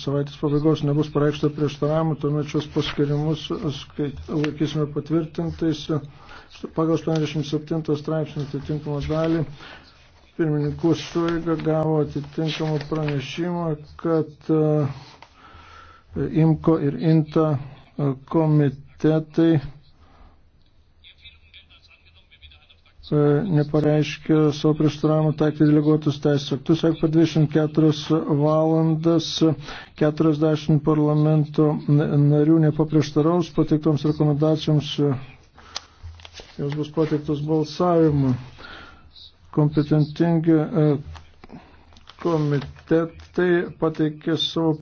savaitės pabaigos nebus pareikšta prieštaravimų, tuomet šios paskirimus laikysime patvirtintais pagal 87 straipsnį atitinkamą dalį. Pirmininkų suiga gavo atitinkamą pranešimą, kad e, IMKO ir INTA komitetai E, nepareiškė savo prieštaravimą taikyti deleguotus teisės aktus, jeigu per 24 valandas 40 parlamento narių nepaprieštaraus pateiktoms rekomendacijoms, jos bus pateiktos balsavimui. Kompetentingi e, komitetai pateikė savo